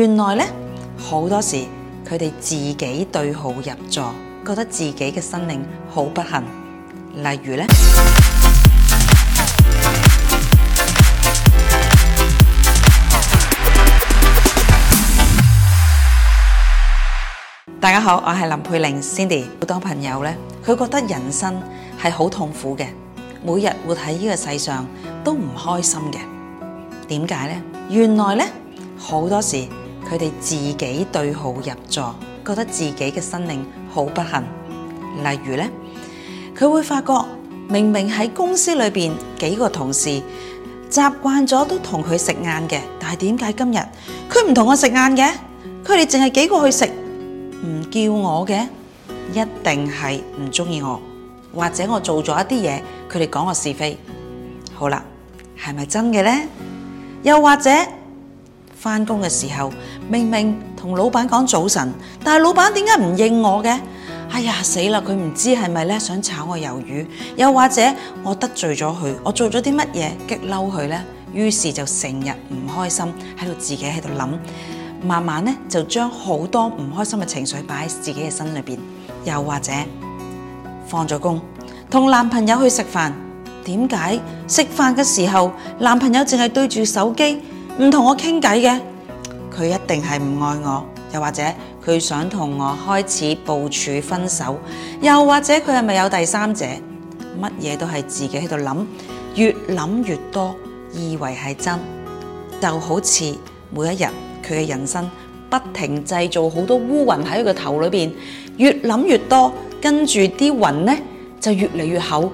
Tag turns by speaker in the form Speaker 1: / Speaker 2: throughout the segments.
Speaker 1: 原來咧好多時佢哋自己對號入座，覺得自己嘅心靈好不幸。例如咧，大家好，我係林佩玲 Cindy。好多朋友咧，佢覺得人生係好痛苦嘅，每日活喺呢個世上都唔開心嘅。點解咧？原來咧好多時。佢哋自己對號入座，覺得自己嘅生命好不幸。例如咧，佢會發覺明明喺公司裏邊幾個同事習慣咗都同佢食晏嘅，但係點解今日佢唔同我食晏嘅？佢哋淨係幾個去食，唔叫我嘅，一定係唔中意我，或者我做咗一啲嘢，佢哋講我是非。好啦，係咪真嘅咧？又或者？翻工嘅時候，明明同老闆講早晨，但係老闆點解唔應我嘅？哎呀死啦！佢唔知係咪咧想炒我魷魚，又或者我得罪咗佢，我做咗啲乜嘢激嬲佢呢？於是就成日唔開心，喺度自己喺度諗，慢慢咧就將好多唔開心嘅情緒擺喺自己嘅心裏邊。又或者放咗工，同男朋友去食飯，點解食飯嘅時候男朋友淨係對住手機？唔同我傾偈嘅，佢一定係唔愛我，又或者佢想同我開始部署分手，又或者佢係咪有第三者？乜嘢都係自己喺度諗，越諗越多，以為係真，就好似每一日佢嘅人生不停製造好多烏雲喺佢個頭裏邊，越諗越多，跟住啲雲呢就越嚟越厚，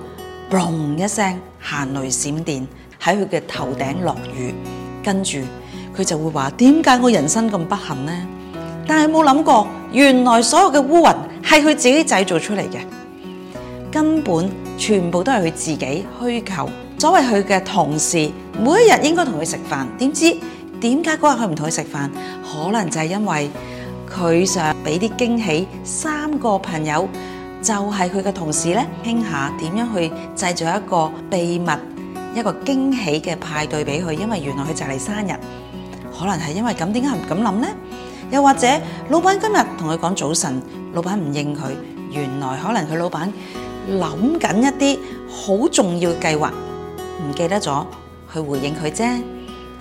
Speaker 1: 嘣一聲，行雷閃電喺佢嘅頭頂落雨。跟住佢就會話：點解我人生咁不幸呢？但係冇諗過，原來所有嘅烏雲係佢自己製造出嚟嘅，根本全部都係佢自己虛構。所謂佢嘅同事，每一日應該同佢食飯，點知點解嗰日佢唔同佢食飯？可能就係因為佢想俾啲驚喜。三個朋友就係佢嘅同事呢，傾下點樣去製造一個秘密。一個驚喜嘅派對俾佢，因為原來佢就嚟生日。可能係因為咁，點解唔咁諗呢？又或者老闆今日同佢講早晨，老闆唔應佢。原來可能佢老闆諗緊一啲好重要嘅計劃，唔記得咗去回應佢啫。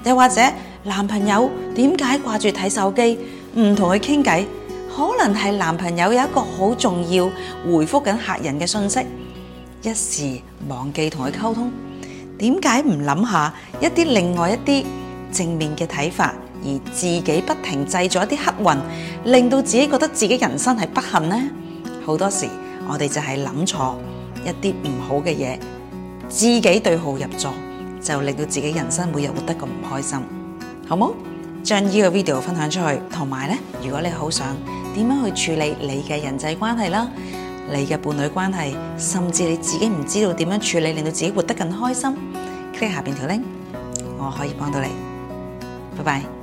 Speaker 1: 又或者男朋友點解掛住睇手機，唔同佢傾偈？可能係男朋友有一個好重要回覆緊客人嘅信息，一時忘記同佢溝通。點解唔諗下一啲另外一啲正面嘅睇法，而自己不停製造一啲黑雲，令到自己覺得自己人生係不幸呢？好多時我哋就係諗錯一啲唔好嘅嘢，自己對號入座，就令到自己人生每日活得咁唔開心，好冇？將呢個 video 分享出去，同埋咧，如果你好想點樣去處理你嘅人際關係啦。你嘅伴侶關係，甚至你自己唔知道點樣處理，令到自己活得更開心。Click 下邊條 link，我可以幫到你。拜拜。